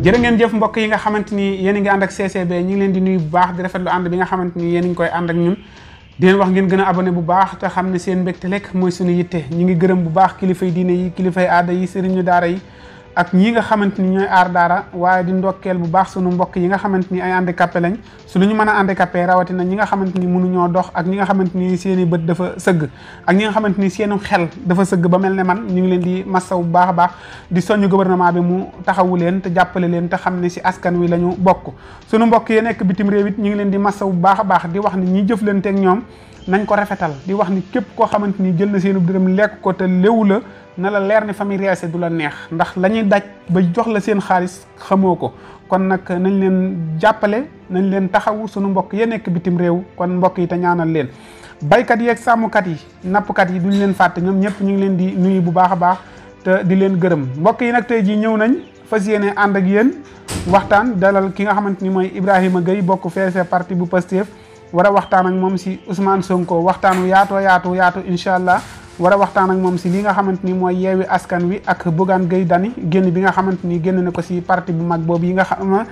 jërë ngeen jëf mbokk yi nga xamante ni yéen ngi ànd ak CCB ñu ngi leen di nuyu bu baax di rafetlu ànd bi nga xamante ni yéen a koy ànd ak ñun di leen wax ngeen gën a abonné bu baax te xam ne seen mbégte lekk mooy suñu yitte ñu ngi gërëm bu baax kilifay diine yi kilifay aada yi sëriñu daara yi ak ñi nga xamante ni ñooy aar daara waaye di ndokkeel bu baax sunu mbokk yi nga xamante ni ay handicapé lañ su lu ñu mën a handicapé rawatina ñi nga xamante ni mënuñoo dox ak ñi nga xamante ni seeni bët dafa sëgg ak nga xamante ni seenu xel dafa sëgg ba mel ne man ñu ngi leen di massaw bu baax a baax di soññ gouvernement bi mu taxawu leen te jàppale leen te xam ne si askan wi la ñu bokk sunu mbokk yi nekk bitim réew it ñu ngi leen di massaw bu baax a baax di wax ne ñi jëflanteeg ñoom nañ ko rafetal di wax ni képp koo xamante ni jël na seenub dërëm lekk ko te léwu la na la leer ni famille réalisé du la neex ndax lañuy daj ba jox la seen xaalis xamoo ko kon nag nañ leen jàppale nañ leen taxawu sunu mbokk ya nekk bitim réew kon mbokk yi te ñaanal leen baykat yi ak sàmmkat yi nappkat yi duñ leen fàtte ñoom ñëpp ñu ngi leen di nuyu bu baax a baax te di leen gërëm mbokk yi nag tey jii ñëw nañ fas yéene ànd ak yéen waxtaan dalal ki nga xamante ni mooy Ibrahima Gueye bokk feese parti bu Pastef war a waxtaan ak moom si Ousmane Sonko waxtaanu yaatoo yaatu yaatu incha allah war a waxtaan ak moom si li nga xamante ni mooy yeewi askan wi ak Bougane Gueye dani génn bi nga xamante ni génn na ko si parti bu mag boobu yi nga xam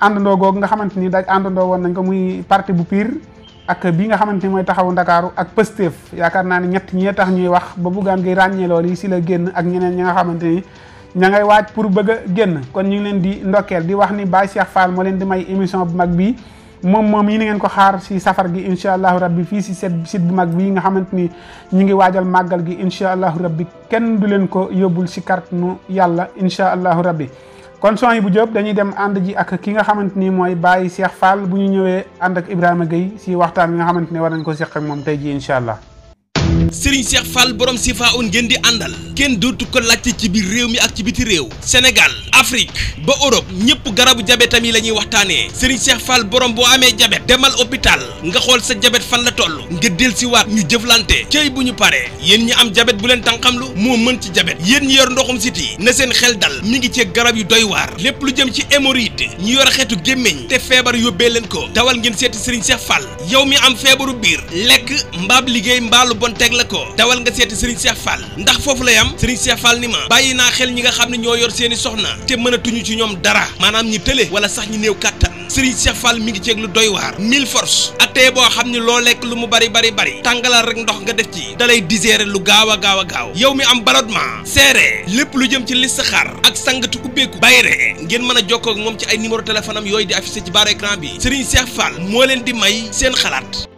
àndandoo googu nga xamante ni daaj àndandoo woon nañ ko muy parti bu pire. ak bi nga xamante ni mooy taxawu ndakaaru ak Pastef yaakaar naa ne ñett ñee tax ñuy wax ba Bougane Gueye ràññee loolu yi si la génn ak ñeneen ñi nga xamante ni ña ngay waaj pour bëgg génn kon ñu leen di ndokkeel di wax ni Baye Cheikh Fall moo leen di may émission bu mag bii. moom moom yi na ngeen ko xaar si safar gi incha allahu rabbi fii si set site bu mag bii nga xamante ni ñu ngi waajal màggal gi incha allahu rabbi kenn du leen ko yóbbul si kàttanu yàlla incha allahu rabbi kon son yi bu jëpp dañuy dem ànd ji ak ki nga xamante ni mooy bàyyi Cheikh Fall bu ñu ñëwee ànd ak Ibrahima Gueye si waxtaan bi nga xamante ne war nañ ko seq ak moom tey ji incha allah Serigne Cheikh Fall borom si faa un ngeen di àndal kenn dootu ko laajte ci biir réew mi ak ci biti réew Sénégal Afrique ba Europe ñëpp garabu jabetam yi la ñuy waxtaanee Serigne fal borom boo amee jabet demal hôpital nga xool sa jabet fan la toll nga dellusiwaat ñu jëflante cëy bu ñu paree yéen ñi am jabet bu leen tànqamlu moo mën ci jabet yéen ñi yor ndoxum siti na seen xel dal mi ngi ci garab yu doy waar lépp lu jëm ci hémorroïde ñu yor xeetu gémmiñ te feebar yóbbee leen ko dawal ngeen seeti Serigne Cheikh fal yow mi am feebaru biir lekk mbaab liggéey mbaalu bon teg la ko dawal nga seeti Serigne Cheikh Fall ndax foofu am Serigne Cheikh Fall ni ma naa xel ñi nga xam ne ñoo yor seeni soxna te mënatuñu ci ñoom dara maanaam ñi tële wala sax ñi néew kàttan Serigne Cheikh Fall mi ngi ceeg lu doy waar mille force attee boo xam ne loo lekk lu mu bari bari bari tàngalal rek ndox nga def ci dalay digérer lu gaaw a gaaw a gaaw yow mi am ballonnement seere lépp lu jëm ci listixaar ak sangatu ubbeeku bayre ngeen mën a jokkoo moom ci ay numéro téléphone am yooyu di affiché ci barre écran bi Serigne Cheikh Fall moo leen di may seen xalaat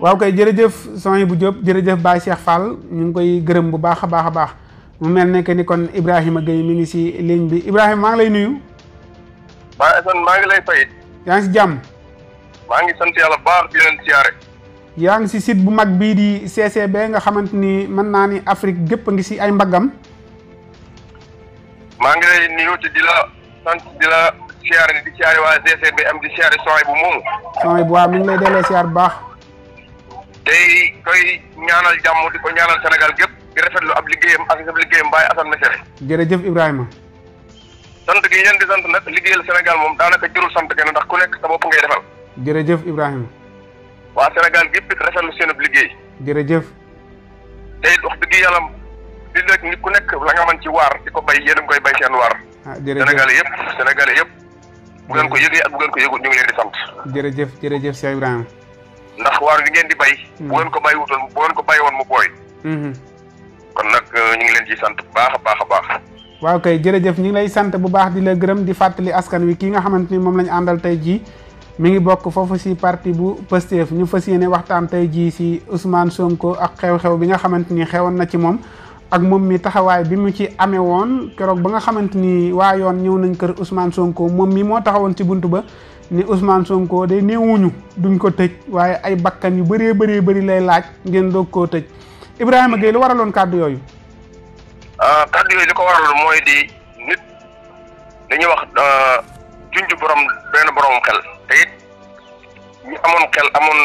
waaw kay jërëjëf sony bu Diop jërëjëf Baye Cheikh Fall ñu ngi koy gërëm bu a baax baax mu mel ne que ni kon Ibrahima Gueye mi ngi ci ligne bi Ibrahima maa ngi lay nuyu. maa ngi maa ngi lay fay. yaa ngi si jàmm. maa ngi sant yàlla baax di leen siyaare. yaa ngi si site bu mag bii di CCB nga xamante ni mën naa ni Afrique gépp a ngi ci ay mbaggam. maa ngi lay nuyu di la sant di la siyaare di siyaare waa CCB am di siyaare sooy bu moomu. sooy bu waaw mi ngi lay delloo siyaar bu baax. tey koy ñaanal jàmm di ko ñaanal Sénégal gépp di rafetlu ab liggéeyam ak ab liggéeyam Baye Assane Mesere. jërëjëf Ibrahima. sant gi ngeen di sant nag liggéeyal Sénégal moom daanaka jurul sant kenn ndax ku nekk sa bopp ngay defal. jërëjëf Ibrahima. waa Sénégal gépp it rafetlu seenub liggéey. jërëjëf. te it wax dëgg yàlla di lekk nit ku nekk la nga mën ci waar di ko bay yéen a ngi koy bay seen waar. ah jërëjëf Sénégal yëpp Sénégal yëpp. bu ngeen ko yëgee ak bu ngeen ko yëgul ñu ngi di sant. jërëjëf jërëjëf Cheikh ndax waar bi ngeen di bay. bu hmm. ngeen ko bay ko bay woon mu booy. Hmm. Euh, ñu ngi leen ci sant baax a baax a baax. waaw kay jërëjëf ñu ngi lay sant bu baax di la gërëm di fàttali askan wi kii nga xamante ni moom lañu àndal tey jii mi ngi bokk foofu si parti bu Pastef ñu fas yéene waxtaan tey jii si Ousmane Sonko ak xew-xew bi nga xamante ni xewoon na ci moom. ak moom mii taxawaay bi mu ci amee woon keroog ba nga xamante ni waa yoon ñëw nañ kër Ousmane Sonko moom mii moo taxawoon ci bunt ba ni Ousmane Sonko day néewuñu duñ ko tëj waaye ay bakkan yu bëree bëree bëri lay laaj ngeen doog koo tëj Ibrahima Gueye waraloon kàddu yooyu. Euh, kàddu yooyu li ko waral mooy di nit dañuy wax euh, junj borom benn borom xel te ñu amoon xel amoon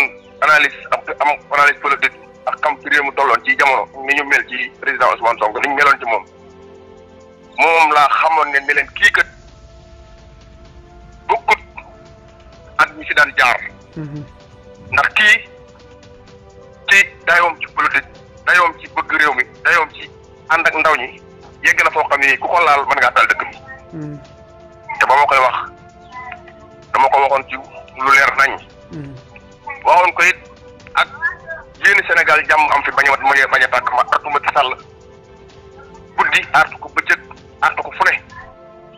analyse am analyse politique ak xam fi réew mu tolloon ci jamono ni ñu mel ci président Ousmane Sonko ni ñu meloon ci moom moom laa xamoon ne ne leen kii kat bokkut ak ñi fi daan jaar. Mhm. ndax kii ci dayoom ci politique dayoom ci bëgg réew mi dayoom ci. ànd ak ndaw ñi yegg na foo xam ne ku ko laal mën ngaa taal dëkk hmm. te ba ma koy wax dama ko waxoon ci lu leer nañ. Hmm. waxoon ko ak yéen Sénégal jàmm am fi bañ a bañ a bañ a tàkk ma artu ma ci sàll guddi artu ko bëccëg artu ko fu ne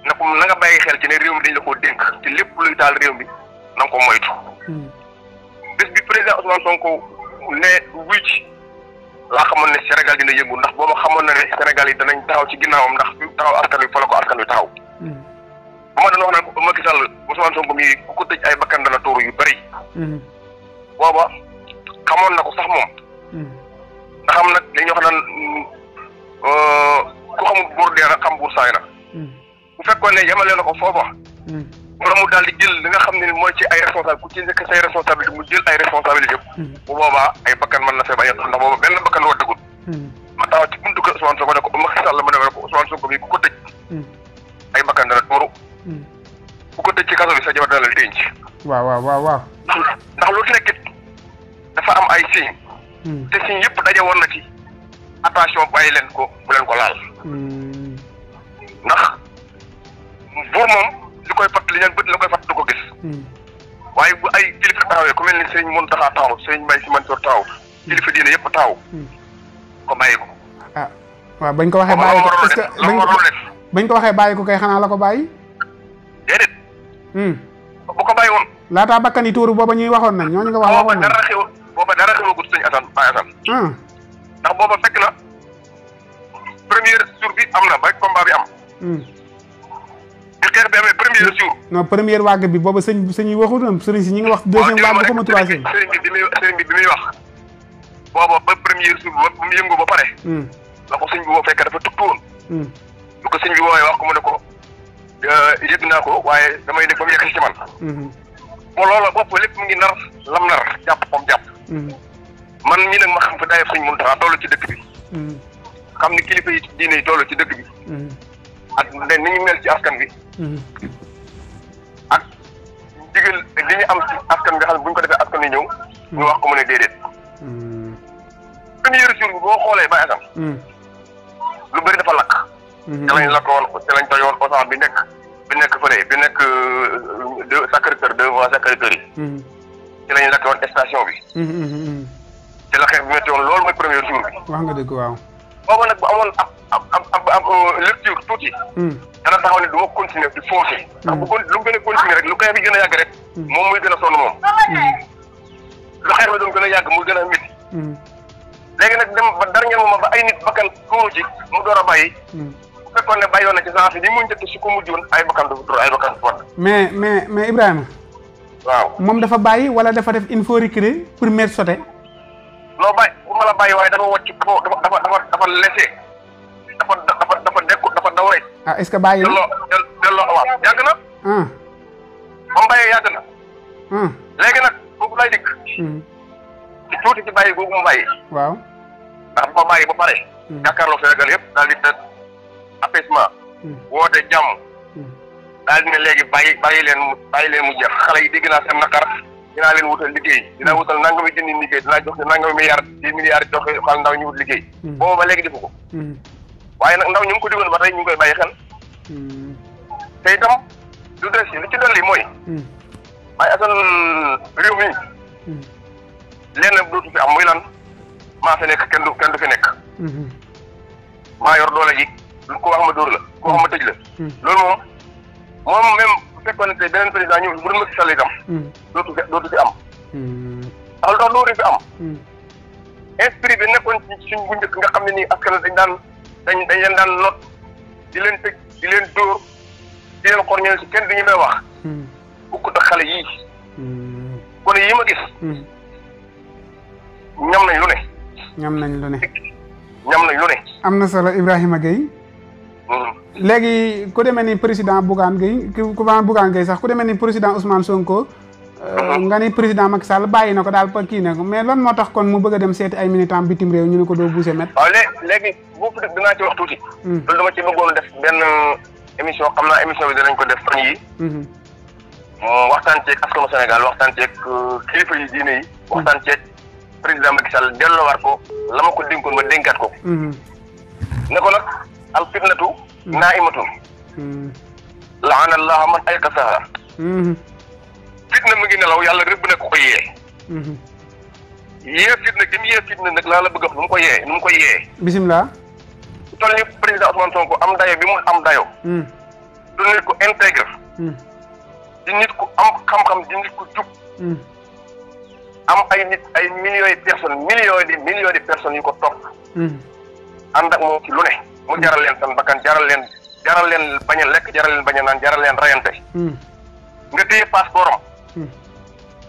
na ko na nga xel ci ne réew mi dañ la koo dénk te lépp luy taal réew mi na nga ko moytu. Hmm. bés bi président Ousmane Sonko ne wuy laa xamoon ne Sénégal dina yëngu ndax booba xamoon na ne Sénégal yi danañ taxaw ci ginnaawam ndax fi taxaw askan wi fa la ko askan wi taxaw. Hmm. bu ma doon wax naan bu Macky Sall Ousmane ku ko tëj ay bakkan dana tuuru yu bëri. Hmm. booba xamoon na ko sax moom. Hmm. ndax am nag li ñuy wax naan euh, ku xamul buur dee na xam buur saay na. bu fekkoon ne yemale na ko foofa. wala mu daal di jël li xam ne mooy ci ay responsable ku ci nekk say responsabilité mu jël ay responsabilité bu boobaa ay bakkan mën na fee bañ a tax ndax booba benn bakkan woo dëggul hmm. ma taxaw ci buntu kër Ousmane Sonko ne ko Macky Sall la ma ne ko Ousmane Sonko bi ku ko tëj hmm. ay bakkan dana tuuru hmm. ku ko tëj ci kaso bi sa jabar dana la denc waaw waaw waaw waaw ndax lu ci nekkit dafa am ay signe te signe yëpp daje woon na ci attention bàyyi leen ko bu leen ko laal ndax buur moom li koy fatt li ñeen bët la koy fatt du ko gis waaye bu ay kilifa taawee ku mel ni sëriñ Mountakha taxaw sëriñ Mbaye Sy Mansour taxaw hmm. kilifa diine yëpp taxaw hmm. ko bàyyi ko ah waaw bañ ko waxee bàyyi ko est-ce que bañ ko waxee bàyyi ko kay xanaa la ko bàyyi déedéet hmm. bu ko bàyyi woon laataa bakkan yi tuuru booba ñuy waxoon nañ ñooñu nga wax waxoon nañ dara xew booba dara xewagut sëñ ah. ndax booba fekk na premier jour bi am na ba combat bi am guerre bi amee premier jour. non première vague bi booba sëñ sëñ yi waxutoon sëriñ si ñi ngi wax. deuxième vague ba comme troisième. sëriñ bi bi muy sëriñ bi bi muy wax. booba ba premier jour ba ba mu yëngu ba pare. Hmm. la ko sëñ bi woo fekk dafa tukki woon. Hmm. lu ko sëñ bi woowee wax ko mu ne ko euh, yëg naa ko waaye damay nekk ba mu yegg ci man. moo hmm. loola bopp lépp mu ngi nar lam nar jàpp comme jàpp. man ñi nag ma xam fa daay sëñ Muntaxa toll ci dëkk bi. xam ni kilifa yi diine yi toll ci dëkk bi. ak ne ni ñu mel ci askan bi. ak digal li ñu am si askan nga xam ne ko defee askan wi ñëw. ñu wax ko mu ne déedéet. Mm-hmm. premier jour bi boo xoolee ba asam. Mm-hmm. lu bëri dafa lakk. te mm-hmm. lañ lakkoon te lañ tojoon osaan bi nekk bi nekk fële bi nekk euh, deux Sacré-Cœur devant Sacré-Cœur yi. te lañ lakkoon station bi. te la xeex bi métti woon loolu mooy premier jour bi. wax nga dëgg waaw. booba nag bu amoon ab ab ab ab euh, lecture tuuti. Hmm. dana taxaw ne hmm. lu mu gën a continuer rek lu xeex bi gën a yàgg rek. Hmm. moom muy gën a sonn moom. lu xeex bi doon gën a yàgg muy gën a métti. nag dem ba dernier moment ba ay door a bàyyi. bu fekkoon ne bàyyoon na ci saa si ni mu njëkk su ko mujjoon ay bakkan du tur ay bakkan du wadd. mais mais mais Ibrahima. waaw moom dafa bàyyi wala dafa def in fois reculé pour mieux sauter. loo bàyyi. waxuma la bàyyi waaye dafa wàcc dafa dafa dafa dafa lese dafa dafa dafa nekkul dafa daw rek. ah est-ce que bàyyi la delloo delloo awaam yàgg na. Ah. ba mu bàyyee yàgg na. Ah. léegi nag foofu lay dikk. Hmm. ci tuuti ci bàyyi googu mu bàyyi. waaw ndax bu ko bàyyi ba pare. Hmm. jàkkaarloo Sénégal yëpp daal di def apaisement. Hmm. woote jàmm. daal di ne léegi bàyyi bàyyi leen mu bàyyi leen mu jeex xale yi dégg naa seen naqar. dinaa leen wutal liggéey dinaa wutal nangami junni liggéey dinaa jox nangami milliard dix milliards joxe xal ndaw ñu wut liggéey hmm. boobu ba léegi defu ko hmm. waaye nag ndaw ñu ngi ko digoon ba tey ñu ngi koy bàyyi xel hmm. te itam du des li ci dolli mooy waaye asan réew mi lenn dootu fi am muy lan maa fi nekk kenn du kenn du fi nekk maa yor doole ji ko wax ma dóor la ko wax ma tëj la loolu moom moom bu fekkoon ne tey beneen président ñëw bu doon Macky Sall itam. Hmm. dootu fi am. ndax lu tax loolu fi am. Hmm. esprit bi nekkoon ci suñ njëkk nga xam ne nii askan dañ daan dañ dañ leen daan not di leen tëj di leen dóor di leen xor ñëw si kenn du ñu may wax. Hmm. bukkut ak xale yii. kon yii ma gis. ñam nañ lu ne. ñam nañ lu ne. am na solo Ibrahima Gueye. léegi ku demee ni président Bougane Gueye ku ma Bougane Gueye sax ku demee ni président Ousmane Sonko. Euh, nga ni président Macky Sall bàyyi na ko daal pa kii ne ko mais lan moo tax kon mu bëgg a dem seeti ay militant bitim réew ñu ko doo buuse met léegi boobu def wax tuuti. Hmm. loolu dama ci def benn euh, émission xam naa émission bi dinañ ko def fan yi hmm. waxtaan ceeg askanu Sénégal waxtaan ceeg euh, kilifa yi diine yi. Hmm. waxtaan ceeg président Macky delloowaat ko la ma ko dénkoon ma dénkaat ko. ne ko nag al fitnatu Mm. naaimatun mm. laana allaha man ayqasaha mm-hmm. fitna mu ngi nelaw yàlla rëbb na ko ko yee mm-hmm. yee fitna gi mu yee fitna nag laa la bëgg a nu mu ko yee nu mu ko yee bisimilah toll ni président Ousmane Sonko am dayo bi mu am dayo mm. du nit ku intègre di nit ku am xam-xam di nit ku jub am ay nit ay millions de personnes millions de millions yu ko topp ànd ak moom ci lu ne mu jaral leen seen bakkan jaral leen jaral leen bañ a lekk jaral leen bañ a naan jaral leen rayante hmm. nga téye passeport am hmm.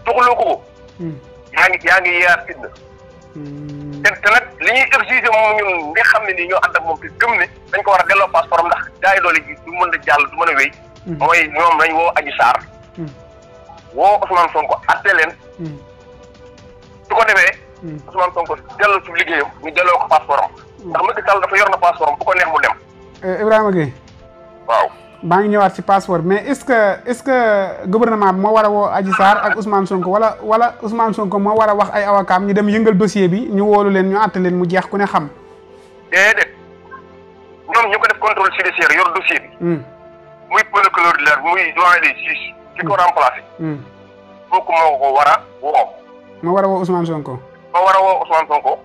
tuxuloo ko ko hmm. yaa ngi yaa ngi yaar fitna te te nag li ñuy exigé moom ñun nga xam ne nii ñoo ànd ak moom te gëm ne dañ ko war a delloo passeport am ndax gaa yi doole ji du mën a jàll du mën a wéy mooy ñoom dañ woo Adji Sarr woo Ousmane Sonko atte leen su ko defee Ousmane Sonko delloo ci liggéeyam ñu delloo ko passeport am ndax Macky Sall dafa yor eh, Ibrahima Gueye. waaw. maa ngi ñëwaat ci passeport mais est-ce que est-ce que gouvernement bi moo war wo woo Adji Sarr ak Ousmane Sonko wala wala Ousmane moo war a wax ay awakaam ñu dem yëngal dossier bi ñu woolu leen ñu àtte leen mu jeex ku ne xam. déedéet ñoom ñu ko def contrôle judiciaire yor dossier bi. Hmm. muy procureur de muy ki ko hmm. remplacé. Hmm. kooku moo moo war a woo Sonko. moo war a woo Sonko.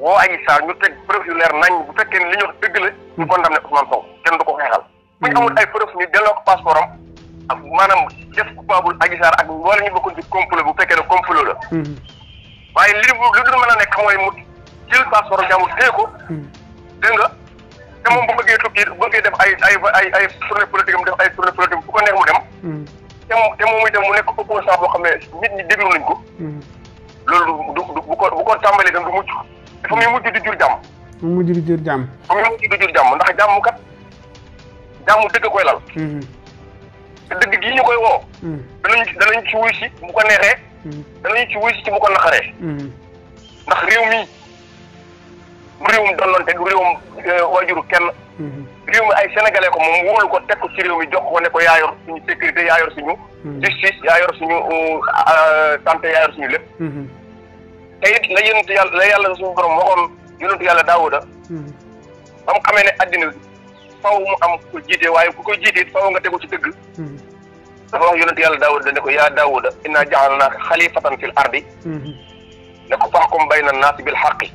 woo Adji Sarr ñu teg preuve yu leer nañ bu fekkee ne li ñu wax dëgg la ñu condamné Ousmane Sonko kenn du ko xeexal hmm. bu ñu amul ay preuve ñu delloo ko passeport am ak maanaam def coupable Adji Sarr ak wala ñu bokkoon ci complot bu fekkee ne complot la hmm. waaye li li dul mën a nekk mooy mu jël passeport jàmbur téye ko hmm. dégg nga te moom bu bëggee tukki bu bëggee def ay ay ay ay tournée politique am def ay tournée politique bu ko neex mu dem te te moom muy dem mu nekk opposant boo xam ne nit ñi déglu nañ ko loolu du bu ko bu ko tàmbalee dem du mucc fu muy mujj di jur jàmm. fu muy mujj di jur jàmm. ndax jàmm kat jàmm dëgg koy lal. Mm-hmm. te dëgg gii ñu koy woo. Mm-hmm. danañ danañ ci wuy si bu ko neexee. Mm-hmm. danañ ci wuy si ci bu ko naxaree. ndax réew mi du réewum dollante du réewum euh, waajuru kenn. réew mi ay sénégalais ko moom wóolu ko teg ko ci réew mi jox ko ko yaa yor suñu sécurité yaa yor suñu. justice yaa yor suñu euh, euh, santé yaa yor suñu lépp. te la yonent yàlla la yàlla suñu borom waxoon yàlla daawuda hmm. ba mu xamee ne addina bi faw mu am ko jiite waaye ku koy jiite it faw nga tegu ci dëgg hmm. dafa wax yonent yàlla daawuda ne ko yaa daawuda inna ja'alnaaka xalifatan fil ardi hmm. ne ko faxkum bayna naasi bil xaqi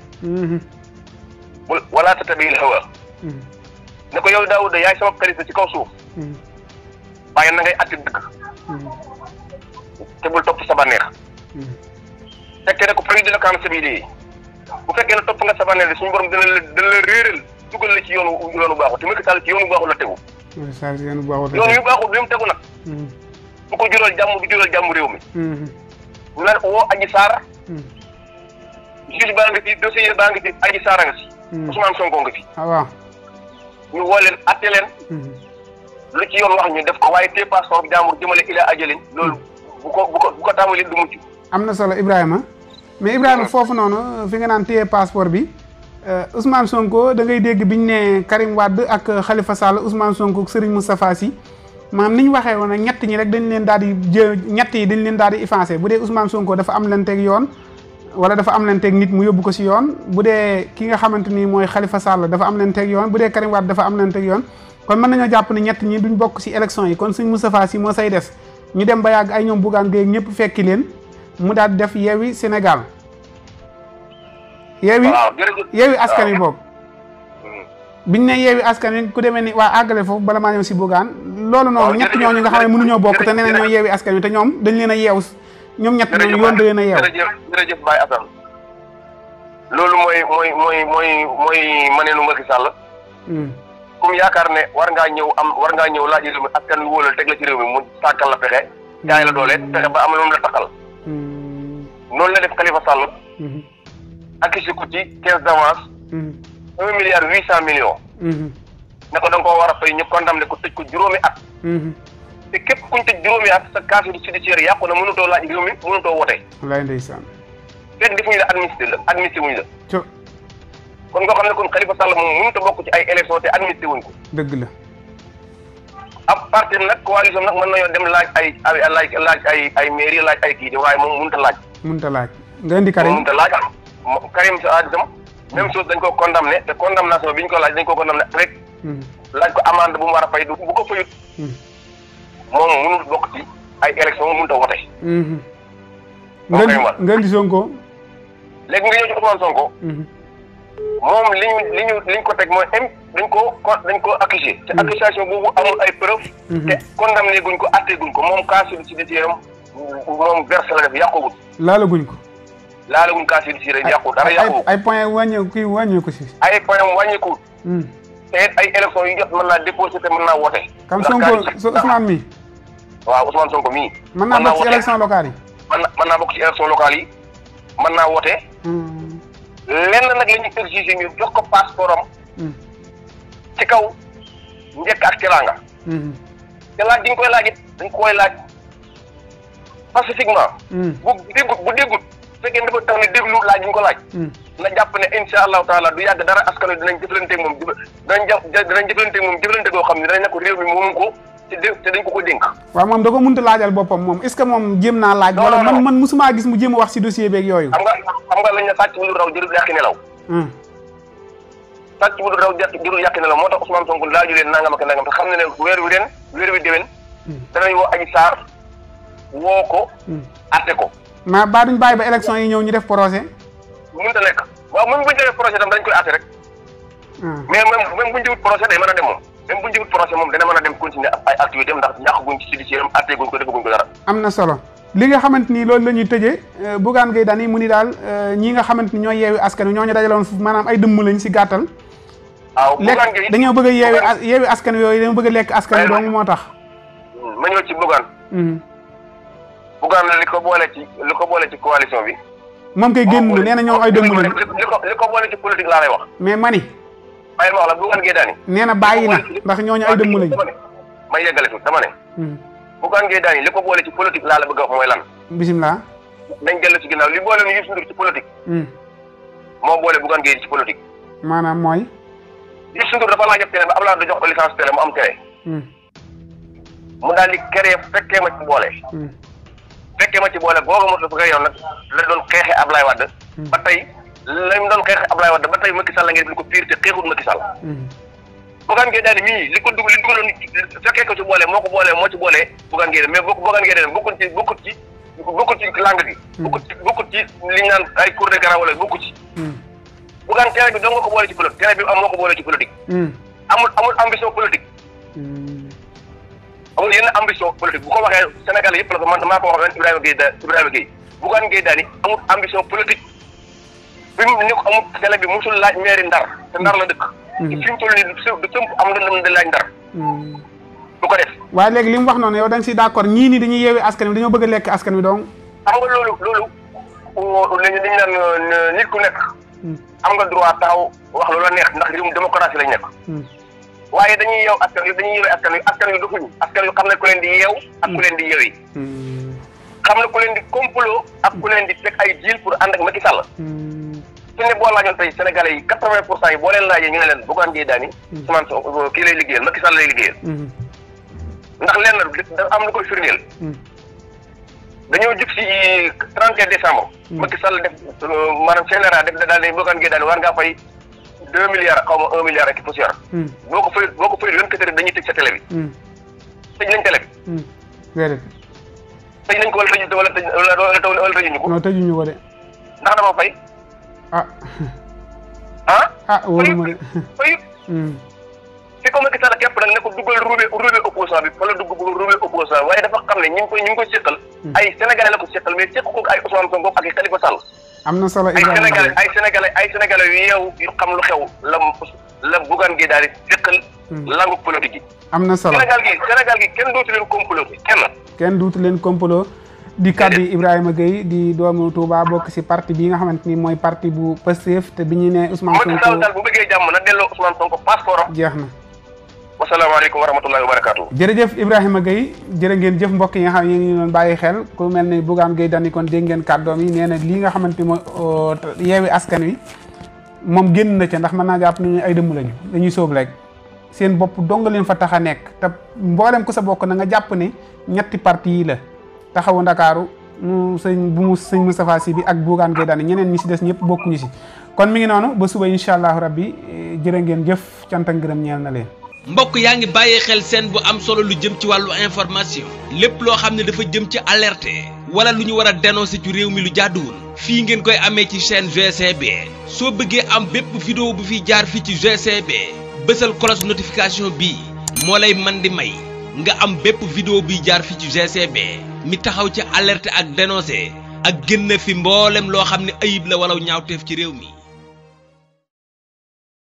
bul wala tatabi'il hawa ne ko yow daawuda yaay sama xalifa ci kaw suuf waaye na ngay atti te bul topp sa bànneex fekkee ne ko fari dina ko am sabili bu fekkee ne topp nga sa bànneex suñu borom dina la dina la réeral dugal la ci yoonu yoonu baaxul te Macky Sall ci yoonu baaxul la tegu. yoonu baaxul yoonu yu baaxul hmm. ko jural jàmm bu jural jàmm réew mi. ñu hmm. naan woo Adji Sarr. Hmm. juge baa nga fi dossier baa nga fi Adji ah, leen atte leen. ci yoon wax ñu def ko waaye te passeport jàmbur jëmale ila ajalin loolu ko ko bu ko tàmbalee du mucc. am na solo Ibrahima. mais Ibrahima ah. foofu noonu fi nga naan téye passeport bi euh, Ousmane Sonko da ngay dégg biñ ne Karim Wade ak Khalifa Sall Ousmane Sonko ak Serigne Moustapha Sy maanaam ni ñu waxee woon ñett ñi rek dañ leen daal di jë ñett yi dañ leen daal di effacé bu dee Ousmane Sonko dafa am lenteeg yoon wala dafa am lenteeg nit mu yóbbu ko si yoon bu dee ki nga xamante ni mooy Khalifa Sall dafa am lenteeg yoon bu dee Karim Wade dafa am lenteeg yoon kon mën nañoo jàpp ne ñett ñi duñ bokk si élection yi kon Serigne Moustapha Sy moo say des ñu dem ba yàgg ay ñoom Bougane Gueye ñëpp fekki leen mu daal di def Yewwi Sénégal. Yewwi Yewwi askan wi boobu. Mm-hmm. biñ ne Yewwi askan wi ku demee ni waa àggale foofu bala maa ñëw si Bougane loolu noonu ñett ñooñu nga xam ne mënuñoo bokk te nee na ñoo Yewwi askan wi te ñoom dañ leen a yeew ñoom ñett ñoom yoon da leen a yeew jërëjëf Baye Assane loolu mooy mooy mooy mooy mooy mëneenu Macky Sall comme yaakaar ne war ngaa ñëw am war ngaa ñëw laa réew mi askan wi wóolal teg la ci réew mi mu sàkkal la pexe jaay la doole pexe mm. ba am lu mu la taxal noonu la def Khalifa Sall. Mhm. accusé ko ci caisse d' avance. Mhm. un milliard huit cent millions. Mhm. ne ko da nga war a fay ñu ne ko tëj ko juróomi at. te képp kuñ tëj juróomi at sa casier judiciaire yàqu na mënutoo laaj réew mi mënutoo wote. walaay ndeysaan. fekk defuñu la administré la administré wuñu la. kon nga xam ne kon Khalifa Sall moom mënut a bokk ci ay élection te administré wuñ ko. dëgg la. nag parti nag coalition nag mën nañoo dem laaj ay ay ay ay laaj ay kii waaye moom mënut laaj. mënut a laaj. nga Karim mënut a laaj Karim si aadisam même chose dañ koo condamné te condamnation bi biñ ko laaj dañ ko condamné rek. Hmm. laaj ko amende bu mu war a fay du bu ko fayut. Hmm. moom mënul bokk ci ay élection mënut a wote. Hmm. nga di nga di Sonko. léegi nga moom li ñu li ñu li ñu ko teg mooy dañ ko dañ ko accusé te accusation boobu amul ay preuve te condamné guñ ko atte guñ ko moom cas si am moom verse la def laalaguñ ko. laalaguñ Kassim Siré yàqu dara yàqu. ay point wàññeeku kii wàññeeku si. ay point wàññeeku. Hmm. te ay élection yu man mën naa déposé te naa woote. kam Sonko so Ousmane mi. waaw Ousmane Sonko mii. mën naa bokk ci élection yi. mën naa bokk ci élection yi mën naa woote. Hmm. lenn nag la ñuy exigé ñu am. Hmm. ci kaw njëkk ak teraanga. te laaj gi koy laaj it koy laaj. pacifiquement. Ah, hmm. bu déggut bu déggut su fekkee dafa tax ne déglu laaj ñu ko laaj. Hmm. na jàpp ne insha allahu taala du yàgg dara askan wi dinañ jëflanteeg moom dinañ ja dinañ jëflanteeg moom jëflante goo xam moom que moom jéem naa laaj. wala man man a hmm. moo tax Ousmane Sonko laaju leen nangam ak nangam te xam ne ne weer wi ren weer wi déwén danañ woo Adji Sarr woo ko. Hmm. atte ko. ma ba duñ bàyyi ba élection yi ñëw ñu def projet. mënut ta nekk waaw même bu ñu defee projet tam dañ koy atte rek. Hmm. mais même même bu ñu defut projet day man a dem moom. même bu ñu moom dana mën a dem continuer ab ay activité am ndax ko defaguñ ko am na solo. li nga xamante ni loolu la ñuy tëjee euh, Bougane Gueye Dany mu ni daal euh, ñii nga xamante ni ñooy yeewi askan wi ñoo ñu dajaloon foofu maanaam ay dëmm lañ si gàttal. waaw Bougane dañoo bëgg a yeewi yeewi askan wi yooyu dañoo bëgg a lekk askan wi dong moo tax. ma ñëw ci Bougane. Hmm. Bougane li ko boole ko boole ci coalition na ñoom ay ko li ko boole ci politique laa lay wax. mais mani. bàyyi ma wax la Bougane Gueye Dany. nee na bàyyi na ndax ñooñu ay dëngu lañu. may yeggale tuuti dama ne. Hmm. Bougane Gueye Dany li ko boole ci politique laa la bëgg a wax mooy lan. bisimilah. dañ la ci ginnaaw li boole ñu Youssou Ndour ci politique. Hmm. moo boole Bougane Gueye ci politique. maanaam mooy. Youssou Ndour dafa laajab télé ba Abdoulaye Wade jox ko licence télé mu am télé. Hmm. mu daal di créer fekkee ma ci boole. fekkee ma ci boole googu Moussa Souga yow nag la doon xeexe Ablaye Wade. Hmm. ba tey la mu doon xeexe Ablaye Wade ba tey Macky Sall ngeen di ko piir te xeexut Macky Sall. Hmm. Bougane Gueye Dany mii li ko dug li dugaloon fekkee ko ci boole moo ko boole moo ci boole Bougane Gueye mais bokk Bougane Gueye bokkut ci bokkut ci bokkut ci langue hmm. bi. bokkut ko boole ci politique tere bi am moo ko boole amul yenn ambition politique bu ko waxee Sénégal yëpp la ko man maa ko waxee Ibrahima Gueye da Ibrahima Gueye Bougane Gueye Dany amul ambition politique bi mu mosul laaj mairie Ndar te la dëkk. Mm. fi mu toll nii am na di laaj Ndar. Mm. du ko def. li mu wax noonu yow da si siy d' accord ñii nii dañuy yeewee askan wi dañoo bëgg a lekk askan wi donc. xam nga loolu loolu dañu dañu naan euh, nit ku nekk. Mm. am nga droit taxaw wax loola neex ndax réewum démocratie lañ nekk. waaye dañuy yeew askan wi dañuy yeew askan wi askan wi doxuñu askan wi xam na ku leen di yeew ak ku leen di yeewi xam na ku leen di complot ak ku leen di teg ay deal pour ànd ak Macky Sall suñ ne boo laajoon tey sénégalais yi quatre pour cent yi boo leen laajee ñu ne leen Bougane Gueye Dany Ousmane Sonko euh, kii lay liggéeyal Macky Sall lay liggéeyal ndax leen na da am lu koy firndeel dañoo jug si trente et un décembre hmm. Macky Sall def euh, maanaam général def daal ne Bougane Gueye Dany war ngaa fay deux milliards xaw ma un milliard ak poussière. Hmm. boo ko fayul boo ko fayul vingt quatre dañuy tëj sa télé bi. Hmm. tëj nañ télé bi. Hmm. déedéet. tëj nañ ko wala tëj wala tëj wala wala tëjuñu ko. de. ndax dama fay. ah. ah. ah de fayut fi ko Macky Sall képp ko duggal ruube ruube opposant bi wala dafa xam ne ñu ngi koy ñu ngi koy seqal. ay Sénégalais la ko seqal mais seq ko ay Ousmane Sonko ak Khalifa Sall. am na solo Ibrahima ay sénégalais ay sénégalais ay sénégalais yu yeewu yu xam lu xew la la bugaan gi daal di féqal. Hmm. langu politique gi. am na solo Sénégal gi Sénégal gi kenn dootu leen complot kenn. kenn dootu leen complot. di kàddu Ibrahima Gueye di doomu Touba bokk si parti bi nga xamante ni mooy parti bu Pastef te bi ñu ne Ousmane Sonko. Macky Sall daal bu jàmm na delloo Ousmane Sonko passeport am. jeex na. wasalaamaaleykum wa rahmatullahi wa barakaatu. jërëjëf Ibrahima Gueye jërë ngeen jëf mbokk yi nga xam ne ñu bàyyi xel ku mel ni Bougane Gueye Dany kon dégg ngeen kàddoom yi nee na lii nga xamante ni moo euh, yeewi askan wi moom génn na ca ndax man naa jàpp ne ay dëmm lañu dañuy sóob rek seen bopp dong leen fa tax a nekk te mboolem ku sa bokk na nga jàpp ne ñetti parti yi la taxawu ndakaaru mu sëñ bu mu sëñ Moustapha Sy bi ak Bougane Gueye Dany ñeneen ñi si des ñëpp bokkuñu si kon mi ngi noonu ba suba incha allahu rabbi jërë ngeen jëf cant ak ngërëm na leen mbokk yaa ngi bàyyee xel seen bu am solo lu jëm ci wàllu information lépp loo xam ne dafa jëm ci alerte wala lu ñu war a dénoncer ci réew mi lu jàdduwul fii ngeen koy amee ci chaîne GCB soo bëggee am bépp vidéo bu fi jaar fii ci GCB bësal cloche notification bi moo lay man di may nga am bépp vidéo buy jaar fii ci GCB mi taxaw ci alerte ak dénoncer ak génn fi mboolem loo xam ne ayib la wala ñaawteef ci réew mi